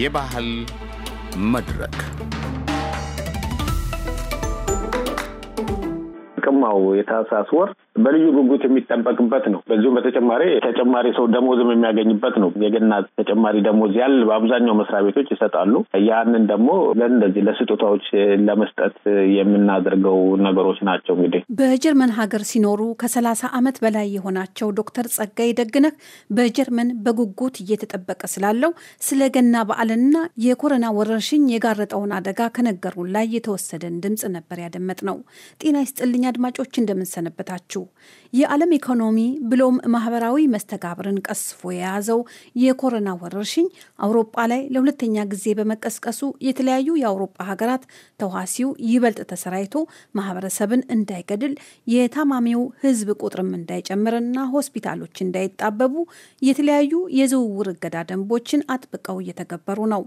የባህል መድረክ ቅማው የታህሳስ ወር በልዩ ጉጉት የሚጠበቅበት ነው። በዚሁም በተጨማሪ ተጨማሪ ሰው ደሞዝም የሚያገኝበት ነው። የገና ተጨማሪ ደሞዝ ያል በአብዛኛው መስሪያ ቤቶች ይሰጣሉ። ያንን ደግሞ ለእንደዚህ ለስጦታዎች ለመስጠት የምናደርገው ነገሮች ናቸው። እንግዲህ በጀርመን ሀገር ሲኖሩ ከሰላሳ ዓመት በላይ የሆናቸው ዶክተር ጸጋይ ደግነህ በጀርመን በጉጉት እየተጠበቀ ስላለው ስለ ገና በዓልና የኮረና ወረርሽኝ የጋረጠውን አደጋ ከነገሩን ላይ የተወሰደን ድምፅ ነበር ያደመጥ ነው። ጤና ይስጥልኝ አድማጮች እንደምንሰነበታችሁ የዓለም ኢኮኖሚ ብሎም ማህበራዊ መስተጋብርን ቀስፎ የያዘው የኮሮና ወረርሽኝ አውሮፓ ላይ ለሁለተኛ ጊዜ በመቀስቀሱ የተለያዩ የአውሮፓ ሀገራት ተዋሲው ይበልጥ ተሰራይቶ ማህበረሰብን እንዳይገድል የታማሚው ሕዝብ ቁጥርም እንዳይጨምርና ሆስፒታሎች እንዳይጣበቡ የተለያዩ የዝውውር እገዳ ደንቦችን አጥብቀው እየተገበሩ ነው።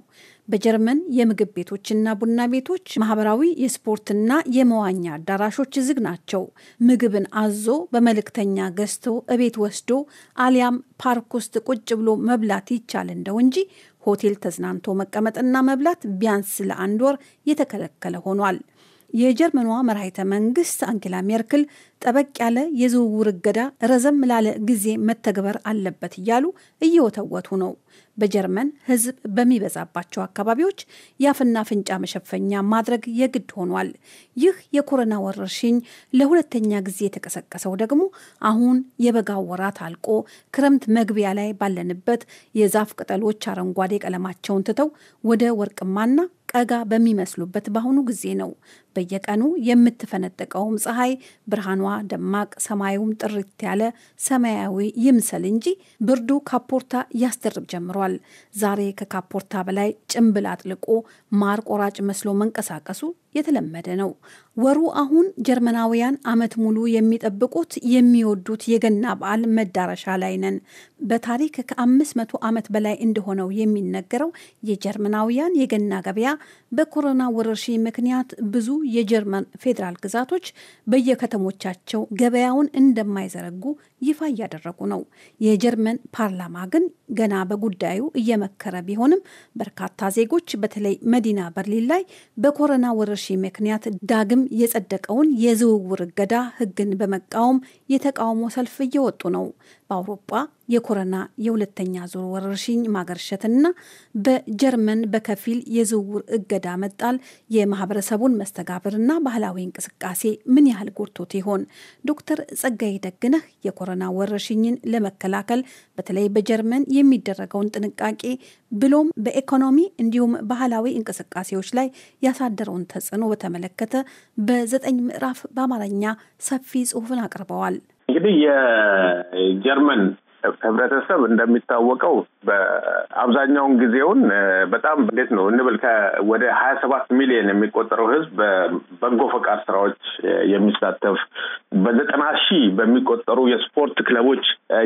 በጀርመን የምግብ ቤቶችና ቡና ቤቶች፣ ማህበራዊ የስፖርትና የመዋኛ አዳራሾች ዝግ ናቸው። ምግብን አዞ በመልእክተኛ ገዝቶ እቤት ወስዶ አሊያም ፓርክ ውስጥ ቁጭ ብሎ መብላት ይቻል እንደው እንጂ ሆቴል ተዝናንቶ መቀመጥና መብላት ቢያንስ ለአንድ ወር የተከለከለ ሆኗል። የጀርመኗ መራሄተ መንግስት አንጌላ ሜርክል ጠበቅ ያለ የዝውውር እገዳ ረዘም ላለ ጊዜ መተግበር አለበት እያሉ እየወተወቱ ነው። በጀርመን ሕዝብ በሚበዛባቸው አካባቢዎች የአፍና አፍንጫ መሸፈኛ ማድረግ የግድ ሆኗል። ይህ የኮሮና ወረርሽኝ ለሁለተኛ ጊዜ የተቀሰቀሰው ደግሞ አሁን የበጋ ወራት አልቆ ክረምት መግቢያ ላይ ባለንበት የዛፍ ቅጠሎች አረንጓዴ ቀለማቸውን ትተው ወደ ወርቅማና ቀጋ በሚመስሉበት በአሁኑ ጊዜ ነው። በየቀኑ የምትፈነጥቀውም ፀሐይ ብርሃኗ ደማቅ፣ ሰማዩም ጥርት ያለ ሰማያዊ ይምሰል እንጂ ብርዱ ካፖርታ ያስደርብ ጀምሯል። ዛሬ ከካፖርታ በላይ ጭንብል አጥልቆ ማር ቆራጭ መስሎ መንቀሳቀሱ የተለመደ ነው። ወሩ አሁን ጀርመናውያን ዓመት ሙሉ የሚጠብቁት የሚወዱት የገና በዓል መዳረሻ ላይ ነን። በታሪክ ከ500 ዓመት በላይ እንደሆነው የሚነገረው የጀርመናውያን የገና ገበያ በኮሮና ወረርሽኝ ምክንያት ብዙ የጀርመን ፌዴራል ግዛቶች በየከተሞቻቸው ገበያውን እንደማይዘረጉ ይፋ እያደረጉ ነው። የጀርመን ፓርላማ ግን ገና በጉዳዩ እየመከረ ቢሆንም በርካታ ዜጎች በተለይ መዲና በርሊን ላይ በኮሮና ወረርሽኝ ሺ ምክንያት ዳግም የጸደቀውን የዝውውር እገዳ ህግን በመቃወም የተቃውሞ ሰልፍ እየወጡ ነው። በአውሮጳ የኮሮና የሁለተኛ ዙር ወረርሽኝ ማገርሸትና በጀርመን በከፊል የዝውውር እገዳ መጣል የማህበረሰቡን መስተጋብርና ባህላዊ እንቅስቃሴ ምን ያህል ጎድቶት ይሆን? ዶክተር ጸጋዬ ደግነህ የኮሮና ወረርሽኝን ለመከላከል በተለይ በጀርመን የሚደረገውን ጥንቃቄ ብሎም በኢኮኖሚ እንዲሁም ባህላዊ እንቅስቃሴዎች ላይ ያሳደረውን ተጽዕኖ በተመለከተ በዘጠኝ ምዕራፍ በአማርኛ ሰፊ ጽሑፍን አቅርበዋል። እንግዲህ የጀርመን ህብረተሰብ እንደሚታወቀው በአብዛኛውን ጊዜውን በጣም እንዴት ነው እንብል ወደ ሀያ ሰባት ሚሊዮን የሚቆጠረው ህዝብ በበጎ ፈቃድ ስራዎች የሚሳተፍ በዘጠና ሺህ በሚቆጠሩ የስፖርት ክለቦች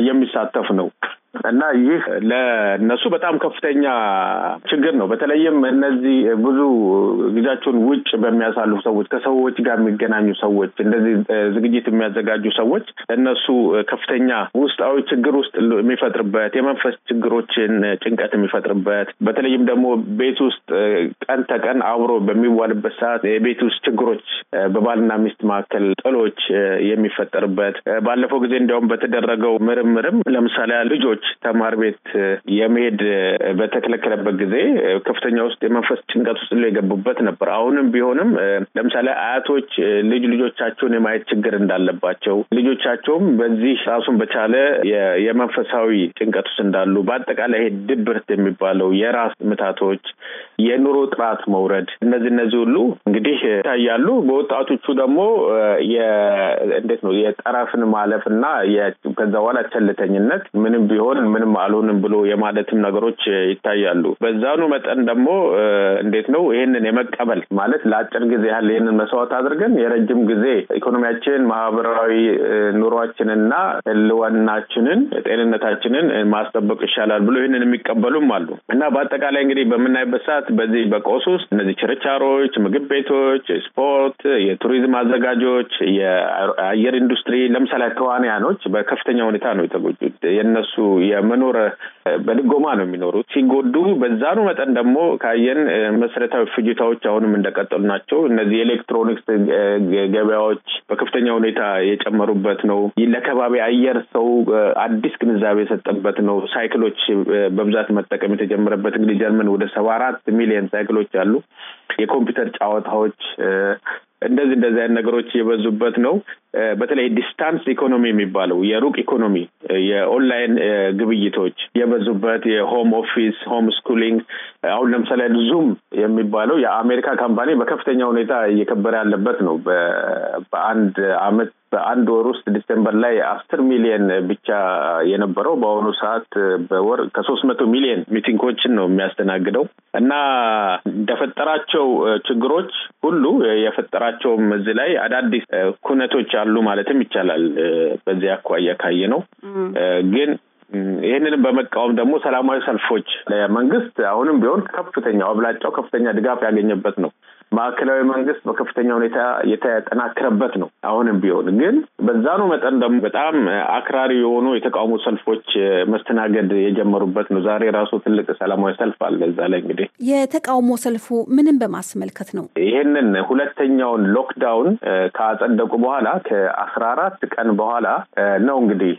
የሚሳተፍ ነው። እና ይህ ለእነሱ በጣም ከፍተኛ ችግር ነው። በተለይም እነዚህ ብዙ ጊዜያቸውን ውጭ በሚያሳልፉ ሰዎች፣ ከሰዎች ጋር የሚገናኙ ሰዎች፣ እንደዚህ ዝግጅት የሚያዘጋጁ ሰዎች እነሱ ከፍተኛ ውስጣዊ ችግር ውስጥ የሚፈጥርበት የመንፈስ ችግሮችን ጭንቀት የሚፈጥርበት በተለይም ደግሞ ቤት ውስጥ ቀን ተቀን አብሮ በሚዋልበት ሰዓት የቤት ውስጥ ችግሮች በባልና ሚስት መካከል ጥሎች የሚፈጠርበት ባለፈው ጊዜ እንዲያውም በተደረገው ምርምርም ለምሳሌ ልጆች ልጆች ተማር ቤት የመሄድ በተከለከለበት ጊዜ ከፍተኛ ውስጥ የመንፈስ ጭንቀት ውስጥ የገቡበት ነበር። አሁንም ቢሆንም ለምሳሌ አያቶች ልጅ ልጆቻቸውን የማየት ችግር እንዳለባቸው፣ ልጆቻቸውም በዚህ ራሱን በቻለ የመንፈሳዊ ጭንቀት ውስጥ እንዳሉ በአጠቃላይ ይሄ ድብርት የሚባለው የራስ ምታቶች፣ የኑሮ ጥራት መውረድ እነዚህ እነዚህ ሁሉ እንግዲህ ይታያሉ። በወጣቶቹ ደግሞ እንዴት ነው የጠረፍን ማለፍ እና ከዛ በኋላ ቸልተኝነት ምንም ቢሆን ሆንን ምንም አልሆንም ብሎ የማለትም ነገሮች ይታያሉ። በዛኑ መጠን ደግሞ እንዴት ነው ይህንን የመቀበል ማለት ለአጭር ጊዜ ያህል ይህንን መስዋዕት አድርገን የረጅም ጊዜ ኢኮኖሚያችን፣ ማህበራዊ ኑሯችንና ህልወናችንን ጤንነታችንን ማስጠበቅ ይሻላል ብሎ ይህንን የሚቀበሉም አሉ እና በአጠቃላይ እንግዲህ በምናይበት ሰዓት በዚህ በቆስ ውስጥ እነዚህ ችርቻሮች፣ ምግብ ቤቶች፣ ስፖርት፣ የቱሪዝም አዘጋጆች፣ የአየር ኢንዱስትሪ ለምሳሌ ተዋንያኖች በከፍተኛ ሁኔታ ነው የተጎጁት የነሱ የመኖር በድጎማ ነው የሚኖሩት። ሲጎዱ በዛኑ መጠን ደግሞ ካየን መሰረታዊ ፍጅታዎች አሁንም እንደቀጠሉ ናቸው። እነዚህ የኤሌክትሮኒክስ ገበያዎች በከፍተኛ ሁኔታ የጨመሩበት ነው። ለከባቢ አየር ሰው አዲስ ግንዛቤ የሰጠበት ነው። ሳይክሎች በብዛት መጠቀም የተጀመረበት እንግዲህ ጀርመን ወደ ሰባ አራት ሚሊዮን ሳይክሎች አሉ። የኮምፒውተር ጨዋታዎች እንደዚህ እንደዚህ አይነት ነገሮች የበዙበት ነው። በተለይ ዲስታንስ ኢኮኖሚ የሚባለው የሩቅ ኢኮኖሚ፣ የኦንላይን ግብይቶች የበዙበት የሆም ኦፊስ፣ ሆም ስኩሊንግ አሁን ለምሳሌ ዙም የሚባለው የአሜሪካ ካምፓኒ በከፍተኛ ሁኔታ እየከበረ ያለበት ነው። በአንድ አመት በአንድ ወር ውስጥ ዲሴምበር ላይ አስር ሚሊየን ብቻ የነበረው በአሁኑ ሰዓት በወር ከሶስት መቶ ሚሊየን ሚቲንጎችን ነው የሚያስተናግደው እና እንደፈጠራቸው ችግሮች ሁሉ የፈጠራቸውም እዚህ ላይ አዳዲስ ኩነቶች አሉ ማለትም ይቻላል። በዚህ አኳያ ካየ ነው ግን ይህንንም በመቃወም ደግሞ ሰላማዊ ሰልፎች ለመንግስት አሁንም ቢሆን ከፍተኛው አብላጫው ከፍተኛ ድጋፍ ያገኘበት ነው። ማዕከላዊ መንግስት በከፍተኛ ሁኔታ የተጠናከረበት ነው። አሁንም ቢሆን ግን በዛኑ መጠን ደግሞ በጣም አክራሪ የሆኑ የተቃውሞ ሰልፎች መስተናገድ የጀመሩበት ነው። ዛሬ ራሱ ትልቅ ሰላማዊ ሰልፍ አለ። እዛ ላይ እንግዲህ የተቃውሞ ሰልፉ ምንም በማስመልከት ነው። ይህንን ሁለተኛውን ሎክዳውን ካጸደቁ በኋላ ከአስራ አራት ቀን በኋላ ነው እንግዲህ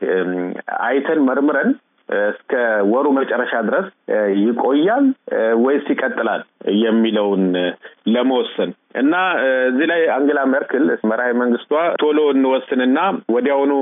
አይተን መርምረን እስከ ወሩ መጨረሻ ድረስ ይቆያል ወይስ ይቀጥላል የሚለውን ለመወሰን እና እዚህ ላይ አንግላ ሜርክል መራሄ መንግስቷ ቶሎ እንወስንና ወዲያውኑ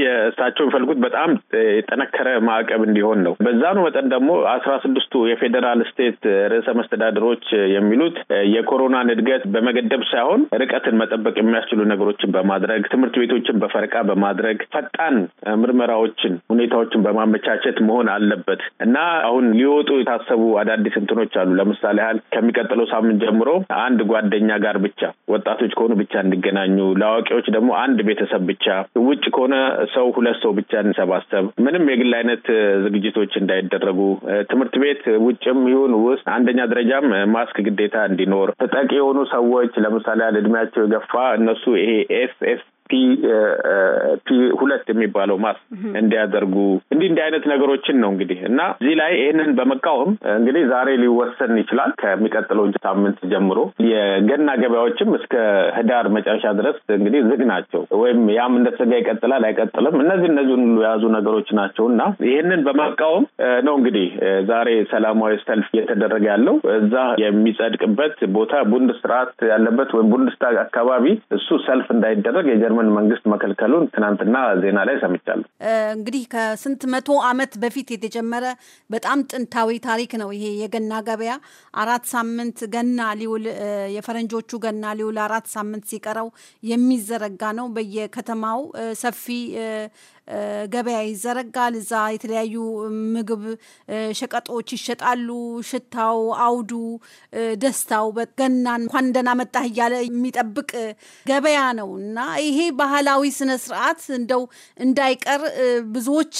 የእሳቸው የሚፈልጉት በጣም የጠነከረ ማዕቀብ እንዲሆን ነው። በዛኑ መጠን ደግሞ አስራ ስድስቱ የፌዴራል ስቴት ርዕሰ መስተዳድሮች የሚሉት የኮሮናን እድገት በመገደብ ሳይሆን ርቀትን መጠበቅ የሚያስችሉ ነገሮችን በማድረግ ትምህርት ቤቶችን በፈረቃ በማድረግ ፈጣን ምርመራዎችን፣ ሁኔታዎችን በማመቻቸት መሆን አለበት እና አሁን ሊወጡ የታሰቡ አዳዲስ እንትኖች አሉ። ለምሳሌ ያህል ከሚቀጥለው ሳምንት ጀምሮ አንድ ጓደኛ ጋር ብቻ ወጣቶች ከሆኑ ብቻ እንዲገናኙ፣ ለአዋቂዎች ደግሞ አንድ ቤተሰብ ብቻ ውጭ ከሆነ ሰው ሁለት ሰው ብቻ እንሰባሰብ፣ ምንም የግል አይነት ዝግጅቶች እንዳይደረጉ፣ ትምህርት ቤት ውጭም ይሁን ውስጥ አንደኛ ደረጃም ማስክ ግዴታ እንዲኖር፣ ተጠቂ የሆኑ ሰዎች ለምሳሌ ያህል እድሜያቸው የገፋ እነሱ ይሄ ኤስ ኤፍ ፒ ሁለት የሚባለው ማስ እንዲያደርጉ እንዲህ እንዲህ አይነት ነገሮችን ነው እንግዲህ እና እዚህ ላይ ይህንን በመቃወም እንግዲህ ዛሬ ሊወሰን ይችላል። ከሚቀጥለው ሳምንት ጀምሮ የገና ገበያዎችም እስከ ህዳር መጨረሻ ድረስ እንግዲህ ዝግ ናቸው፣ ወይም ያም እንደተዘጋ ይቀጥላል አይቀጥልም። እነዚህ እነዚህ ሁሉ የያዙ ነገሮች ናቸው እና ይህንን በመቃወም ነው እንግዲህ ዛሬ ሰላማዊ ሰልፍ እየተደረገ ያለው እዛ የሚጸድቅበት ቦታ ቡንድ ስርዓት ያለበት ወይም ቡንድስታ አካባቢ እሱ ሰልፍ እንዳይደረግ የጀርመን ሮምን መንግስት መከልከሉን ትናንትና ዜና ላይ ሰምቻለሁ። እንግዲህ ከስንት መቶ ዓመት በፊት የተጀመረ በጣም ጥንታዊ ታሪክ ነው ይሄ የገና ገበያ። አራት ሳምንት ገና ሊውል የፈረንጆቹ ገና ሊውል አራት ሳምንት ሲቀረው የሚዘረጋ ነው። በየከተማው ሰፊ ገበያ ይዘረጋል። እዛ የተለያዩ ምግብ ሸቀጦች ይሸጣሉ። ሽታው፣ አውዱ፣ ደስታው በገናን እንኳን ደህና መጣህ እያለ የሚጠብቅ ገበያ ነው እና ይሄ ባህላዊ ስነ ስርዓት እንደው እንዳይቀር ብዙዎች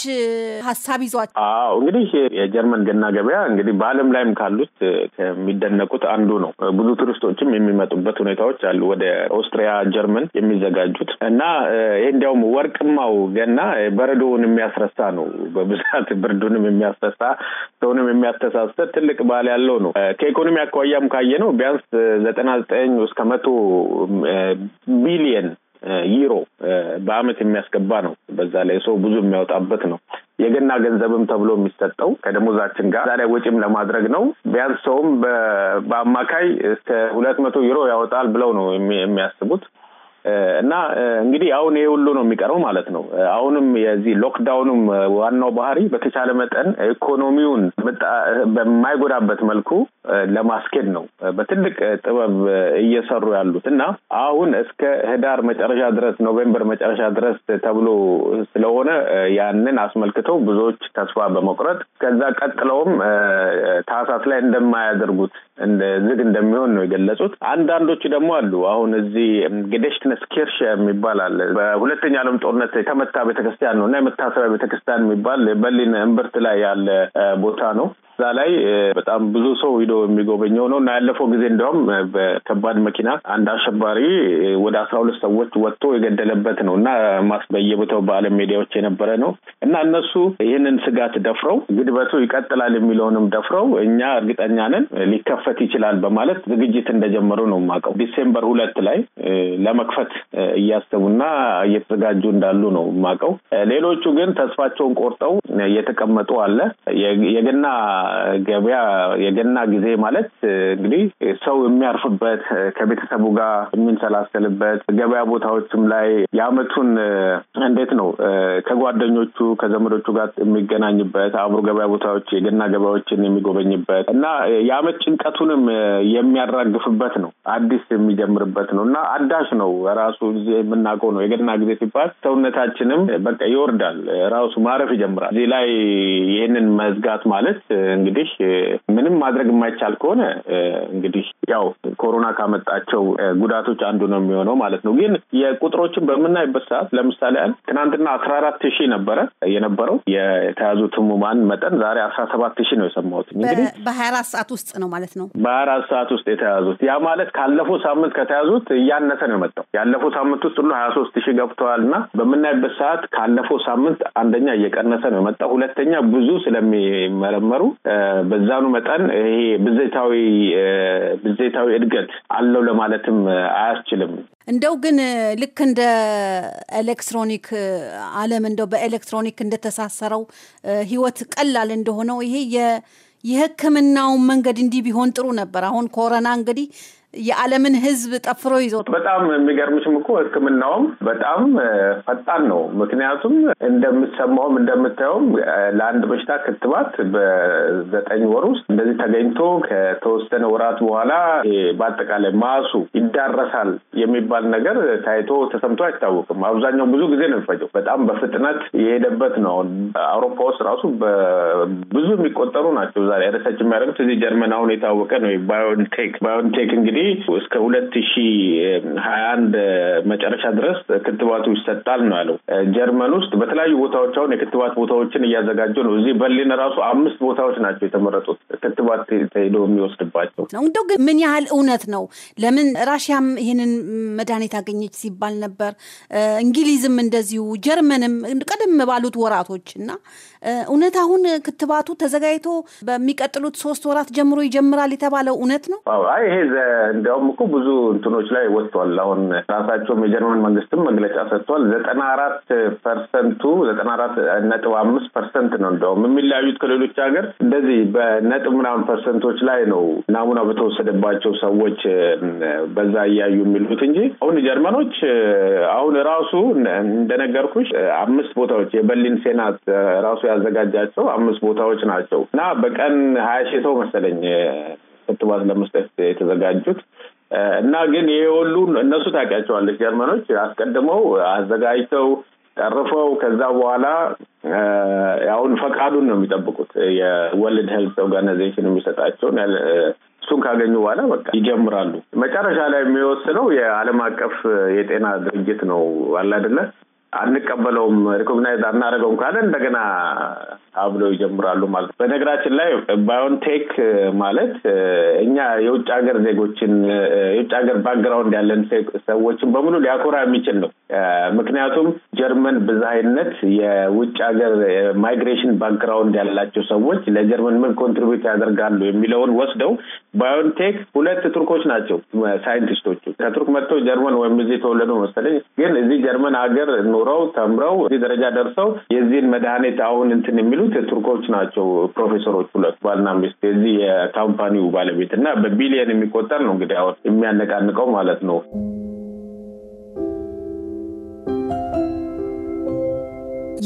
ሀሳብ ይዟል። አዎ እንግዲህ የጀርመን ገና ገበያ እንግዲህ በዓለም ላይም ካሉት ከሚደነቁት አንዱ ነው። ብዙ ቱሪስቶችም የሚመጡበት ሁኔታዎች አሉ ወደ ኦስትሪያ ጀርመን የሚዘጋጁት እና ይህ እንዲያውም ወርቅማው ገና በረዶውን የሚያስረሳ ነው። በብዛት ብርዱንም የሚያስረሳ ሰውንም የሚያስተሳሰር ትልቅ ባህል ያለው ነው። ከኢኮኖሚ አኳያም ካየ ነው ቢያንስ ዘጠና ዘጠኝ እስከ መቶ ቢሊየን ዩሮ በአመት የሚያስገባ ነው። በዛ ላይ ሰው ብዙ የሚያወጣበት ነው። የገና ገንዘብም ተብሎ የሚሰጠው ከደሞዛችን ጋር እዛ ላይ ወጪም ለማድረግ ነው። ቢያንስ ሰውም በአማካይ እስከ ሁለት መቶ ዩሮ ያወጣል ብለው ነው የሚያስቡት። እና እንግዲህ አሁን ይሄ ሁሉ ነው የሚቀረው ማለት ነው። አሁንም የዚህ ሎክዳውኑም ዋናው ባህሪ በተቻለ መጠን ኢኮኖሚውን በማይጎዳበት መልኩ ለማስኬድ ነው በትልቅ ጥበብ እየሰሩ ያሉት እና አሁን እስከ ህዳር መጨረሻ ድረስ ኖቬምበር መጨረሻ ድረስ ተብሎ ስለሆነ ያንን አስመልክተው ብዙዎች ተስፋ በመቁረጥ ከዛ ቀጥለውም ታህሳስ ላይ እንደማያደርጉት ዝግ እንደሚሆን ነው የገለጹት። አንዳንዶች ደግሞ አሉ አሁን እዚህ ግዴሽትነ ስኬርሻ የሚባል አለ። በሁለተኛ ዓለም ጦርነት የተመታ ቤተክርስቲያን ነው እና የመታሰቢያ ቤተክርስቲያን የሚባል በርሊን እምብርት ላይ ያለ ቦታ ነው። እዛ ላይ በጣም ብዙ ሰው ሂዶ የሚጎበኘው ነው እና ያለፈው ጊዜ እንዲያውም በከባድ መኪና አንድ አሸባሪ ወደ አስራ ሁለት ሰዎች ወጥቶ የገደለበት ነው እና በየቦታው በዓለም ሜዲያዎች የነበረ ነው እና እነሱ ይህንን ስጋት ደፍረው ግድበቱ ይቀጥላል የሚለውንም ደፍረው እኛ እርግጠኛ ነን ሊከፈት ይችላል በማለት ዝግጅት እንደጀመሩ ነው ማቀው። ዲሴምበር ሁለት ላይ ለመክፈት እያሰቡና እየተዘጋጁ እንዳሉ ነው ማቀው ሌሎቹ ግን ተስፋቸውን ቆርጠው የተቀመጡ አለ የገና ገበያ የገና ጊዜ ማለት እንግዲህ ሰው የሚያርፍበት ከቤተሰቡ ጋር የሚንሰላሰልበት ገበያ ቦታዎችም ላይ የአመቱን እንዴት ነው ከጓደኞቹ ከዘመዶቹ ጋር የሚገናኝበት አብሮ ገበያ ቦታዎች የገና ገበያዎችን የሚጎበኝበት እና የአመት ጭንቀቱንም የሚያራግፍበት ነው። አዲስ የሚጀምርበት ነው እና አዳሽ ነው ራሱ የምናውቀው ነው። የገና ጊዜ ሲባል ሰውነታችንም በቃ ይወርዳል፣ ራሱ ማረፍ ይጀምራል። እዚህ ላይ ይህንን መዝጋት ማለት እንግዲህ ምንም ማድረግ የማይቻል ከሆነ እንግዲህ ያው ኮሮና ካመጣቸው ጉዳቶች አንዱ ነው የሚሆነው ማለት ነው። ግን የቁጥሮችን በምናይበት ሰዓት ለምሳሌ ያህል ትናንትና አስራ አራት ሺህ ነበረ የነበረው የተያዙት ህሙማን መጠን ዛሬ አስራ ሰባት ሺህ ነው የሰማሁት። እንግዲህ በሀያ አራት ሰዓት ውስጥ ነው ማለት ነው። በሀያ አራት ሰዓት ውስጥ የተያዙት ያ ማለት ካለፈው ሳምንት ከተያዙት እያነሰ ነው የመጣው። ያለፈው ሳምንት ውስጥ ሁሉ ሀያ ሶስት ሺህ ገብተዋል እና በምናይበት ሰዓት ካለፈው ሳምንት አንደኛ እየቀነሰ ነው የመጣው፣ ሁለተኛ ብዙ ስለሚመረመሩ በዛኑ መጠን ይሄ ብዜታዊ ብዜታዊ እድገት አለው ለማለትም አያስችልም። እንደው ግን ልክ እንደ ኤሌክትሮኒክ ዓለም እንደው በኤሌክትሮኒክ እንደተሳሰረው ህይወት ቀላል እንደሆነው ይሄ የህክምናውን መንገድ እንዲህ ቢሆን ጥሩ ነበር። አሁን ኮረና እንግዲህ የዓለምን ህዝብ ጠፍሮ ይዞ በጣም የሚገርምሽም እኮ ህክምናውም በጣም ፈጣን ነው። ምክንያቱም እንደምትሰማውም እንደምታየውም ለአንድ በሽታ ክትባት በዘጠኝ ወር ውስጥ እንደዚህ ተገኝቶ ከተወሰነ ወራት በኋላ በአጠቃላይ ማሱ ይዳረሳል የሚባል ነገር ታይቶ ተሰምቶ አይታወቅም። አብዛኛው ብዙ ጊዜ ነው የሚፈጀው። በጣም በፍጥነት የሄደበት ነው። አውሮፓ ውስጥ ራሱ ብዙ የሚቆጠሩ ናቸው ዛሬ ሪሰርች የሚያደርጉት እዚህ ጀርመን አሁን የታወቀ ነው ባዮንቴክ ባዮንቴክ እንግዲህ እንግዲህ እስከ ሁለት ሺ ሀያ አንድ መጨረሻ ድረስ ክትባቱ ይሰጣል ነው ያለው። ጀርመን ውስጥ በተለያዩ ቦታዎች አሁን የክትባት ቦታዎችን እያዘጋጁ ነው። እዚህ በርሊን ራሱ አምስት ቦታዎች ናቸው የተመረጡት ክትባት ተሄዶ የሚወስድባቸው ነው። እንደው ግን ምን ያህል እውነት ነው? ለምን ራሽያም ይህንን መድኃኒት አገኘች ሲባል ነበር፣ እንግሊዝም እንደዚሁ ጀርመንም ቀደም ባሉት ወራቶች እና እውነት አሁን ክትባቱ ተዘጋጅቶ በሚቀጥሉት ሶስት ወራት ጀምሮ ይጀምራል የተባለው እውነት ነው? አይ ይሄ እንዲያውም እኮ ብዙ እንትኖች ላይ ወጥቷል። አሁን ራሳቸውም የጀርመን መንግስትም መግለጫ ሰጥቷል። ዘጠና አራት ፐርሰንቱ ዘጠና አራት ነጥብ አምስት ፐርሰንት ነው እንዲያውም የሚለያዩት ከሌሎች ሀገር እንደዚህ በነጥብ ምናምን ፐርሰንቶች ላይ ነው ናሙና በተወሰደባቸው ሰዎች በዛ እያዩ የሚሉት እንጂ አሁን ጀርመኖች አሁን ራሱ እንደነገርኩሽ አምስት ቦታዎች የበርሊን ሴናት ራሱ ያዘጋጃቸው አምስት ቦታዎች ናቸው እና በቀን ሀያ ሺህ ሰው መሰለኝ ክትባት ለመስጠት የተዘጋጁት እና ግን ይሄ ሁሉ እነሱ ታውቂያቸዋለች ጀርመኖች አስቀድመው አዘጋጅተው ጠርፈው ከዛ በኋላ አሁን ፈቃዱን ነው የሚጠብቁት የወልድ ሄልት ኦርጋናይዜሽን የሚሰጣቸውን እሱን ካገኙ በኋላ በቃ ይጀምራሉ። መጨረሻ ላይ የሚወስነው የአለም አቀፍ የጤና ድርጅት ነው አላደለ አንቀበለውም ሪኮግናይዝ አናደርገውም ካለ እንደገና አብለው ይጀምራሉ ማለት ነው። በነገራችን ላይ ባዮንቴክ ማለት እኛ የውጭ ሀገር ዜጎችን የውጭ ሀገር ባክግራውንድ ያለን ሰዎችን በሙሉ ሊያኮራ የሚችል ነው። ምክንያቱም ጀርመን ብዛይነት የውጭ ሀገር ማይግሬሽን ባክግራውንድ ያላቸው ሰዎች ለጀርመን ምን ኮንትሪቢዩት ያደርጋሉ የሚለውን ወስደው ባዮንቴክ ሁለት ቱርኮች ናቸው ሳይንቲስቶቹ ከቱርክ መጥተው ጀርመን ወይም እዚህ የተወለዱ መሰለኝ፣ ግን እዚህ ጀርመን ሀገር ኖረው ተምረው እዚህ ደረጃ ደርሰው የዚህን መድኃኒት አሁን እንትን የሚሉት የቱርኮች ናቸው ፕሮፌሰሮች፣ ሁለት ባልና ሚስት የዚህ የካምፓኒው ባለቤት እና በቢሊየን የሚቆጠር ነው እንግዲህ አሁን የሚያነቃንቀው ማለት ነው።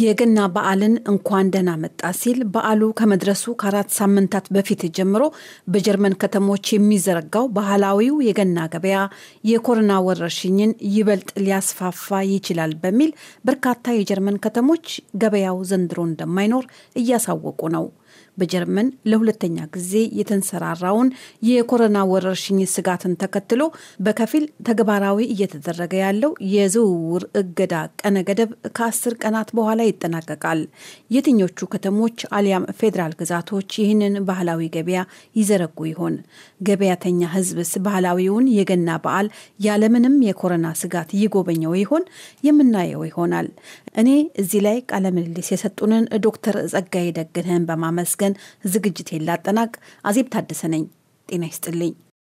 የገና በዓልን እንኳን ደህና መጣ ሲል በዓሉ ከመድረሱ ከአራት ሳምንታት በፊት ጀምሮ በጀርመን ከተሞች የሚዘረጋው ባህላዊው የገና ገበያ የኮሮና ወረርሽኝን ይበልጥ ሊያስፋፋ ይችላል በሚል በርካታ የጀርመን ከተሞች ገበያው ዘንድሮ እንደማይኖር እያሳወቁ ነው። በጀርመን ለሁለተኛ ጊዜ የተንሰራራውን የኮሮና ወረርሽኝ ስጋትን ተከትሎ በከፊል ተግባራዊ እየተደረገ ያለው የዝውውር እገዳ ቀነ ገደብ ከአስር ቀናት በኋላ ይጠናቀቃል። የትኞቹ ከተሞች አሊያም ፌዴራል ግዛቶች ይህንን ባህላዊ ገበያ ይዘረጉ ይሆን? ገበያተኛ ህዝብስ ባህላዊውን የገና በዓል ያለምንም የኮሮና ስጋት ይጎበኘው ይሆን? የምናየው ይሆናል። እኔ እዚህ ላይ ቃለ ምልልስ የሰጡንን ዶክተር ጸጋዬ ደግነህን በማመስገን ዝግጅቴን ላጠናቅ። አዜብ ታደሰ ነኝ። ጤና ይስጥልኝ።